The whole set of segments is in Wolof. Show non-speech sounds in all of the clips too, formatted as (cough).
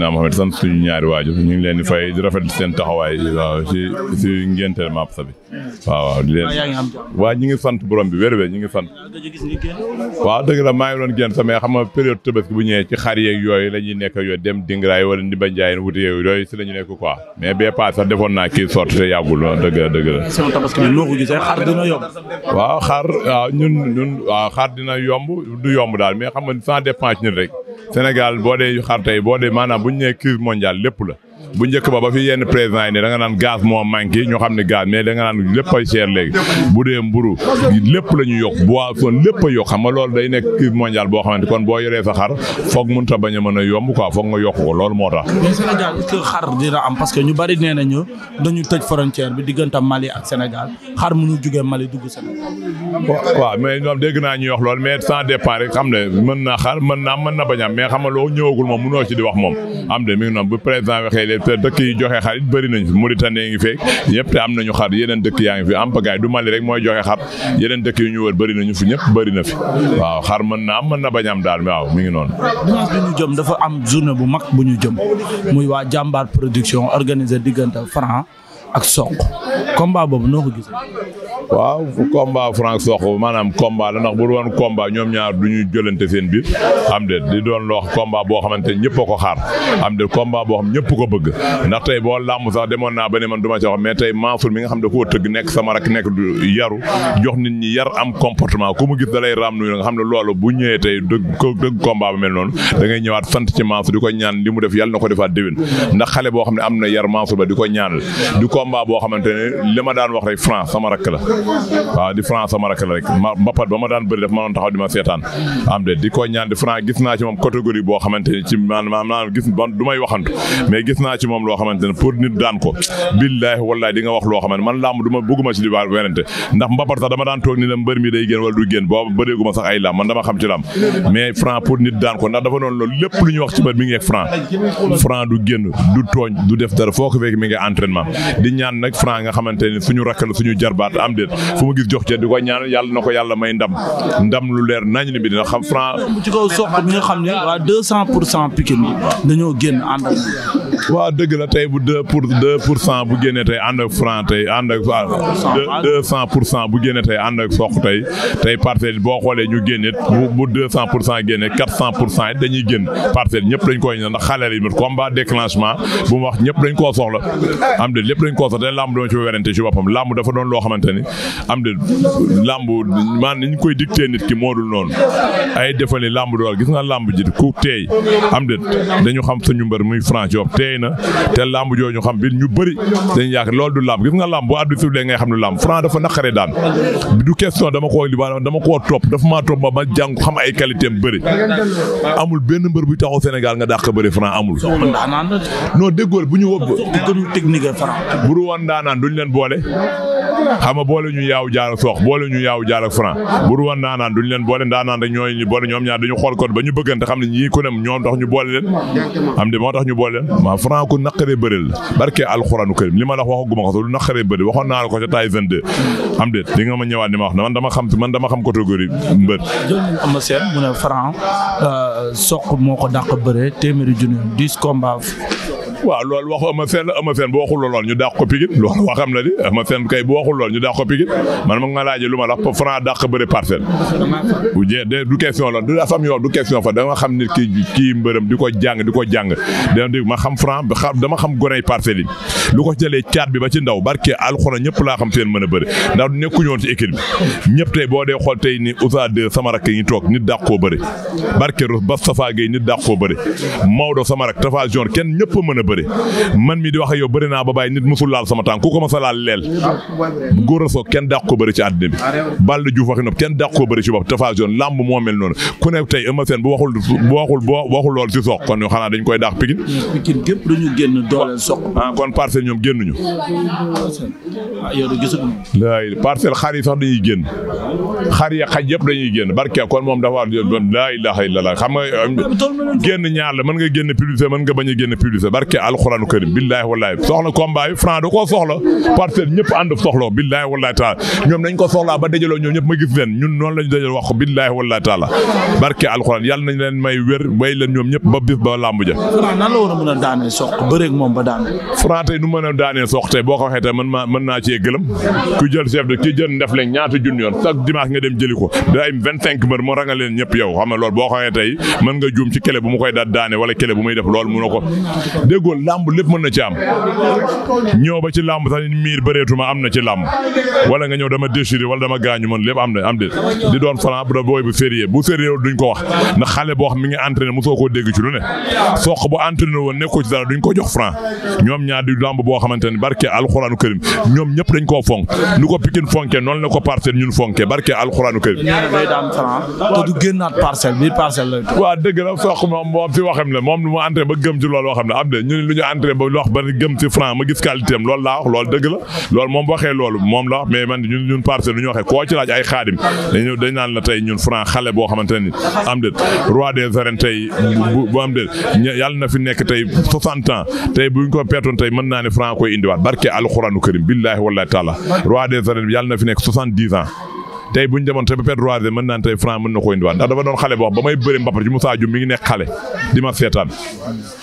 Seydina Mohamed sant suñu ñaari waajur ñu ngi leen fay rafet seen taxawaay waaw si si ngénteel Mapsa bi waaw leen waaw ñu ngi sant borom bi wér wér ñu ngi sant waaw dëgg la maa ngi doon génn sama xam nga période tabaski bu ñëwee ci xar yeeg yooyu la ñuy nekk yooyu dem dingiraay wala ndimba njaay wuti yooyu yooyu si la ñu nekk quoi mais bee paas sax defoon naa kii sorte te yàggul dëgg la dëgg la waaw xar dina yomb du yomb daal mais xam nga sans dépense ñun rek Sénégal boo dee xar tey boo dee maanaam bu ñu nee cuve mondial lépp la bu njëkk ba ba fi yenn président yi ne da nga naan gaz moo manqué ñoo xam ne gaz mais da nga naan lépp ay cher léegi bu dee mburu lépp la ñu yokk boisson lépp a yokk xam nga loolu day nekk crise mondiale boo xamante a a mën a yomb quoi foog ñu bari nee nañu dañu tëj frontière bi diggante Mali ak Sénégal xar mu ñu jugee Mali dugg Sénégal. waaw mais ñoom dégg naa ñuy wax loolu mais sans départ rek xam ne mën naa xar mën naa mën na bañ a am loo ñëwagul moom mënoo ci wax moom am de mi ngi bu président waxee te dëkk yi joxe xar it bëri nañ fi Mauritanie ngi feeg ñëpp te am nañu xar yeneen dëkk yaa ngi fi am pagaay du Mali rek mooy joxe xar yeneen dëkk yu ñu wër bëri nañu fi ñëpp bëri na fi waaw xar mën na am mën na bañ am daal waaw mi ngi noonu dimanche bi ñu jëm dafa am journée bu mag bu ñu jëm muy waa jàmbaar production organisé diggante Franc ak Sokh combat boobu noo ko gisee waaw combat Frank Sokh maanaam combat la ndax bu woon combat ñoom ñaar du ñu jëlante seen biir am de di doon loo combat boo xamante ñëpp a ko xaar am de combat boo xam ñëpp ko bëgg ndax boo làmb sax demoon naa ba man du ma ci mais tey Mansour mi nga xam da koo tëgg nekk sama rak nekk du yaru jox yar am comportement ku mu gis lay raam nga xam ne loolu bu ñëwee tey dëgg dëgg combat ba mel noonu da ngay ñëwaat sant ci di ko ñaan li mu def yàlla na ko defaat déwén boo xam ne am na yar Mansour ba di ko ñaanal di boo xamante ne li ma daan wax rek Franc sama rak la waaw di Franc sama rakk la rek mbapat ba ma daan bëri daf ma doon taxaw di ma seetaan am de di ko ñaan di Franc gis naa ci moom catégorie boo xamante ni ci maanaam maanaam gis du may waxantu mais gis naa ci moom loo xamante ne pour nit daan ko billaahi wallaahi di nga wax loo xamante man làmb du ma bëgguma ci di wa werante ndax mbapat sax dama daan toog ni la mbër mi day génn wala du génn booba bëreeguma sax ay làmb man dama xam ci làmb mais Franc pour nit daan ko ndax dafa noonu loolu lépp lu ñuy wax ci mbër mi ngi ak Franc Franc du génn du tooñ du def dara foo ko fekk mi ngi entraînement di ñaan nag Franc nga xamante ni suñu rakk la suñu jarbaat am déet fu ma gis jox ca di ko ñaan yàlla na ko yàlla may ndam ndam lu leer nañ ni bi dina xam franc. ci kaw nga xam ne waa 200 pour cent Pikine dañoo génn ànd ak waaw dëgg la tey bu deux pour deux pour cent bu génnee tey ànd ak franc tey ànd ak deux pour cent bu génnee tey ànd ak soq tey tey parcelle boo xoolee ñu génne bu bu deux cent pour cent génnee quatre cent pour cent it dañuy génn parcelle ñëpp dañ koy ñaan ndax xale yi combat déclenchement bu mu ñëpp dañ koo soxla am de lépp lañ koo soxla te làmb dama ci werante ci boppam làmb dafa doon loo xamante ni am de làmb man ñu koy dicté nit ki moodul noonu ay defali làmb dool gis nga làmb ji ku teey am de dañu xam suñu mbër muy franc teey na te lamb jooju ñu xam bi ñu bëri dañu yaakaar lool du lamb gis nga lamb boo àddu siflee ngay xam ne lamb franc dafa naqaree daan du question dama koo li dama koo topp dafa ma topp ma ma jàng xam ay qualité am bëri amul benn mbër bu taxaw Sénégal nga dàq bëri franc amul non déggool bu ñu wëpp bu du woon daanaan duñ leen boole xam nga boole ñu yaaw jaar ak soox boole ñu yaaw jaar ak franc buru woon naanaan duñ leen boole ndaanaan rek ñooy ñu boole ñoom ñaar dañu xool kon ba ñu bëggante xam ne ñii ku ñoom tax ñu boole leen am de moo tax ñu boole leen maa ku naqaree bëril barke alxuraanu karim li ma la wax waxaguma ko sax naqaree bëri waxoon naa la ko ca taay 22 am de di ma ñëwaat ni ma wax man dama xam xam catégorie mbër ama seen mu ne euh, bëre téeméeri junni waaw loolu waxu Eumeu Sène la Eumeu waxul lool ñu dàq ko Pikine loolu waxam la di Eumeu Sène kay bu waxul lool ñu dàq ko Pikine man ma nga laajee lu ma la Franc dàq bëri parcelle bu jee du question la du dafa am yoo du question fa dama xam nit ki kii mbërëm di ko jàng di ko jàng dama dégg ma xam Franc dama xam goney parcelle yi lu ko jëlee caat bi ba ci ndaw barke alxuraan ñëpp laa xam seen mën a bëri ndax du nekkuñu woon ci équipe bi ñëpp tey boo dee xool tey ni Ousa de sama rakk yi toog nit dàq koo bëri barke Rose ba Safa Gueye nit dàq koo bëri Maodo sama rakk Tafa Jor kenn ñëpp mën bëre man mi di wax ak yow bëri naa ba bàyyi nit musul laal sama tànk ku ko mas a laal leel góor a soog kenn dàq ko bëri ci àddina bi Balla Diouf waxi nopp kenn dàq ko bëri ci bopp Tapha Zone làmb moo mel noonu ku ne tey Eumeu Sène bu waxul bu waxul bu waxul lool ci soq kon ñoo xanaa dañ koy dàq pikin pikin képp dañu génn dooleel soq ah kon parcelle ñoom ah, génn ñaar la mën nga génn publicité mën nga bañ a génn publicité barke alxuraanu karim billaahi wallaahi soxla combat bi franc da koo soxla parcelle ñëpp ànd soxla billaahi wallaahi taala ñoom nañ ko soxlaa ba dajaloo ñoom ñëpp ma gis leen ñun noonu lañ dajal wax billaahi wallaahi taala barke alxuraan yàlla nañ leen may wér bay leen ñoom ñëpp ba bis ba làmb ja a mën a daanee sox bëreeg moom ba daanee tey nu mën a daanee sox boo ko waxee tey man maa naa cee gëlëm ku jël chef de ki jël ndef leen ñaata junni yoon chaque dimanche nga dem jëli ko day vingt cinq mbër moo rangal leen ñëpp yow xam ne loolu boo ko mu koy wala kele bu muy def loolu mu ko football làmb lépp mën na ci am ñëw ba ci làmb sax miir bëreetuma am na ci làmb wala nga ñëw dama déchiré wala dama gaañu man lépp am na am de di doon franc bu da booy bu férié bu férié duñ ko wax na xale boo xam mi ngi entraîné mosoo koo dégg ci lu ne soq bu entraîné woon nekkoo ci dara duñ ko jox franc ñoom ñaar di làmb boo xamante ne barke alxuraanu kërim ñoom ñëpp dañ koo fonk nu ko pikin fonke noonu la ko parcelle ñun fonke barke alxuraanu kërim te du génnaat parcelle bi parcelle la waaw dëgg la soq moom moom fi waxam la moom lu mu entraîné ba gëm ci loolu waxam la am de ñun lu ñu entraîné ba wax ba gëm ci franc ma gis qualité am loolu laa wax loolu dëgg la loolu moom waxee loolu moom la mais man ñun ñun parcelle ñu waxee koo laaj ay xaadim dañ naan la tey ñun franc xale boo xamante am déet roi des arènes tey bu am déet yàlla na fi nekk tey soixante ans tey buñ ko peetoon tey mën naa ne franc koy indiwaat barke alxuraanu karim billaahi wallaahi taala roi des arènes yàlla na fi nekk soixante dix ans tey bu ñu demoon tey ba perte droit mën naan tey franc ndax dafa doon xale boo xam ba may bëri mbapat ji Moussa Dioum mi ngi xale di seetaan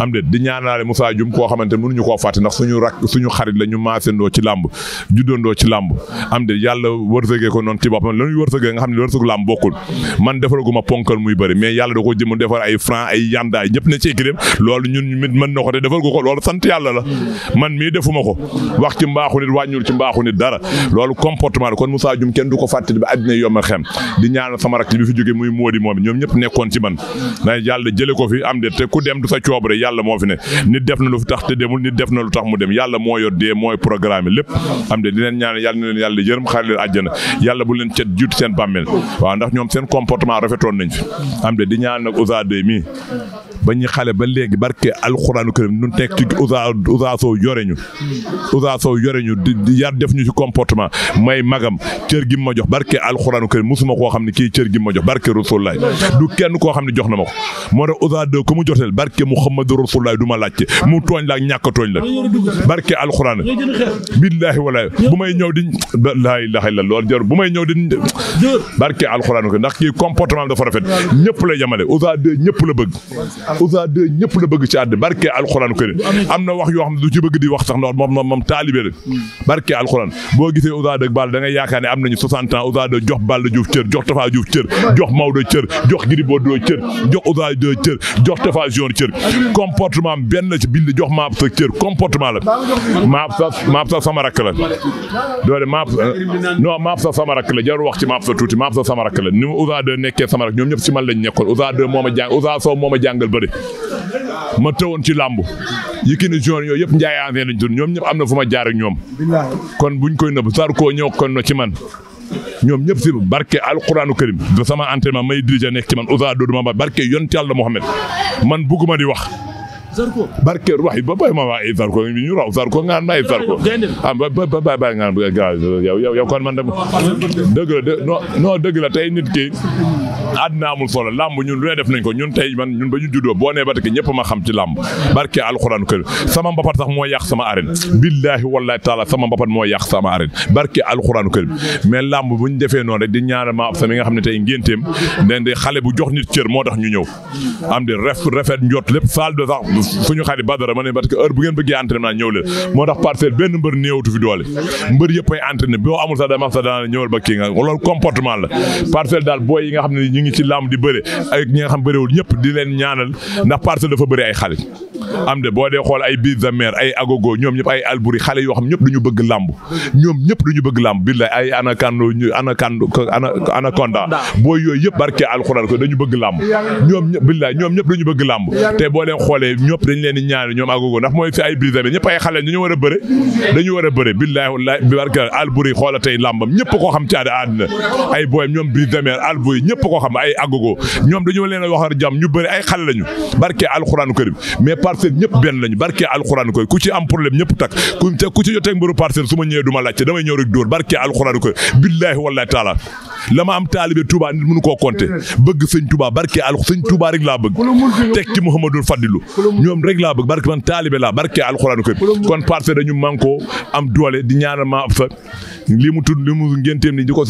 am déet di ñaanaale Moussa Dioum koo xamante mënuñu koo fàtte ndax suñu rak suñu xarit la ñu maasandoo ci làmb juddoondoo ci làmb am déet yàlla wërsëgee ko noonu ci boppam lañuy wërsëgee nga xam ne wërsëgu làmb bokkul man defaraguma ponkal muy bëri mais yàlla da ko jëm defar ay franc ay yandaay ñëpp ne ci ko te ko ko loolu sant yàlla la man mii defuma ko wax ci mbaaxu nit wàññul ci àddina yombal xem di ñaanal sama rakk bi fi jóge muy Móodi moom ñoom ñëpp nekkoon ci man na yàlla jële ko fi am de te ku dem du sa coobare yàlla moo fi ne nit def lu tax mu dem yàlla moo dee mooy programme lépp am de di leen ñaanal yàlla na leen yàlla yërëm xaar leen àjjana seen bàmmeel waaw ndax ñoom seen comportement rafetoon nañ fi am de di ñaan nag Ousa Dey ba ñu xale ba léegi barke alxuraanu karim nun nekk ci Ousa Ousa Sow yore ñu Ousa Sow yore ñu yar ma jox alxuraanu kër musuma koo xam ne kii cër gi ma jox barke rasulullaay du kenn koo xam ne jox na ma ko moo tax Ouza 2 ku mu joteel barke Muhammadu rasulullaay du ma laajte mu tooñ la ak ñàkk tooñ la barke alxuraan billaahi bu may ñëw di laa ilaaha illa lool jor bu may ñëw di barke alxuraanu kër ndax kii comportement dafa rafet ñëpp la yemale Ouza 2 ñëpp la bëgg Ouza 2 ñëpp la bëgg ci àddina barke alxuraanu kër am na wax yoo xam du ci bëgg wax sax ndax moom moom taalibe la barke alxuraan boo gisee Ouza 2 baal da ngay am nañu 60 ans Ada jox Balla Diouf cër jox Tafa do cër jox Maodo cër jox Gris Bordeaux cër jox Oudaay Diouf cër jox Tafa Junior cër comportement benn ci bind jox Maab sa cër comportement la Maab sa Maab sa sama rakk la doole Maab euh, non Maab sa sama rakk la jarul wax ci Maab sa tuuti Maab sa sama rakk la ni Oudaay Diouf nekkee sama rakk ñoom ñëpp ci man lañ nekkoon Oudaay Diouf moo ma jàng ma jàngal bëri ma ci lamb yi ki ni junior yooyu yëpp njaay envie lañ doon ñoom ñëpp am na fu ma jaar ak ñoom kon buñ koy nëbb Zarko ñëw kon na ci man ñoom ñëpp si barke alquranu karim da sama entraînement may dirigé nekk ci man Ousa Dodo ma barke yonent Yàlla Mohamed man bugguma di wax. Zarko barke wax ba bay ma wax ay Zarko ñu raw Zarko nga na ay Zarko ah ba ba ba ba nga yow yow kon man dama dëgg la non dëgg la tey nit ki àddina amul solo làmb ñun lu ne def nañ ko ñun tey man ñun ba ñu juddoo boo nee ba tey ñëpp ma xam ci làmb barke alxuraan kër sama mbapat sax moo yàq sama arène billahi wallahi taala sama mbapat moo yàq sama arène barke alxuraan kër mais làmb bu ñu defee rek di ñaanal ma sama nga xam ne tey ngénteem den di xale bu jox nit cër moo tax ñu ñëw am di refet njot lépp saal de sax fu ñu xarit badara ma ne parce que heure bu ngeen bëggee entraînement ñëw leen moo tax ba kii nga loolu comportement la ñu ngi ci làmb di bëre ak ñi nga boo dee xool ay biir bëgg làmb ñoom dañu bëgg làmb te boo leen xoolee ñëpp dañu war a bëre dañu war bëre billaay wallaay barke alburi xoola tey làmbam ñëpp koo xam ci àddina ay booyam ñoom biir de mer alburi ko xam xam ay agogo ñoom dañoo leen a waxar jàmm ñu bëri ay xale lañu barke alxuraanu karim mais ku ci am problème ñëpp tak ku ci jotee mbëru parcelle su ma ñëwee du ma laajte damay ñëw rek dóor barke alxuraanu karim billaahi wallaahi taala la am taalibe Touba nit mënu koo bëgg sëñ Touba barke al sëñ Touba tekki Mouhamadou Fadilu ñoom rek bëgg barke man taalibe laa kon parcelle dañu manko am doole di ñaanal ma fa li mu tudd di ko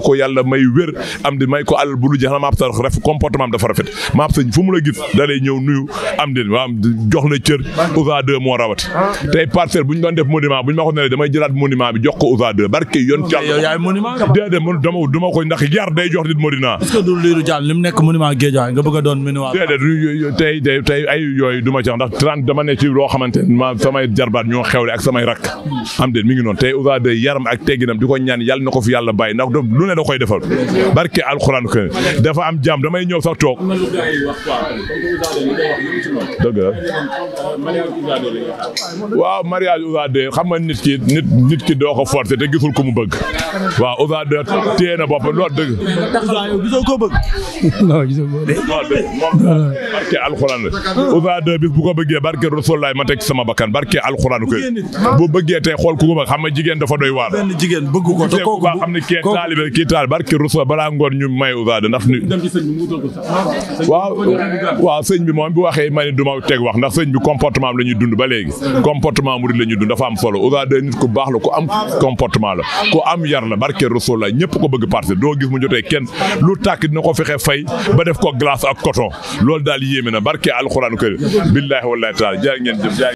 ko yàlla may wér bu dul jeex na ref comportement am dafa rafet fu mu la gis da lay nuyu am din maam jox cër Ousa 2 moo rawati tey parcelle bu ñu doon def monument bu ñu ma ko ne damay jëlaat monument bi jox ko Ousa 2 barke yoon déedéet man dama dama ko ndax yar jox nit monument est a tey yooyu du ma ndax trente dama ne ci loo xamante samay jarbaat ñoo xewle ak samay rakk am din mi ngi noonu tey Ousa 2 yaram ak tegginam di ko ñaan yàlla na ko fi yàlla bàyyi ndax lu ne da koy defal barke alxuraan ko dafa am jàmm damay ñëw sax toog. dëgg la. waaw mariage Ouza 2 xam nga nit ki nit nit ko te gisul ku mu bëgg. waaw Ouza 2 téye na boppam loolu gisoo ko bëgg. (laughs) non gisoo ko bëgg. non dëgg moom barke alxuraan la. Ouza 2 bis bu ko bëggee barke Rasulullaay ma bakkan barke alxuraan koy bu bëggee tey xool ku ko bëgg xam nga jigéen dafa doy waar. benn jigéen bëgg ko te kooku xam ne kii taalibe kii taal barke Rasul balaa ngoon ñu may Ouza ndax. nu ah, waaw waaw sëñ bi moom bi waxee ma ne du ma teg wax ndax sëñ bi comportement am la ñuy dund ba léegi comportement murid la ñuy dund dafa am solo Ousseyn de nit ku baax la ku am comportement la ku am yar la barke Rasul la ñëpp ko bëgg parce que doo gis mu jotee kenn lu tàkk dina ko fexe fay ba def ko glace a coton loolu daal yéeme na barke alxuraan kër billaahi wallaahi taala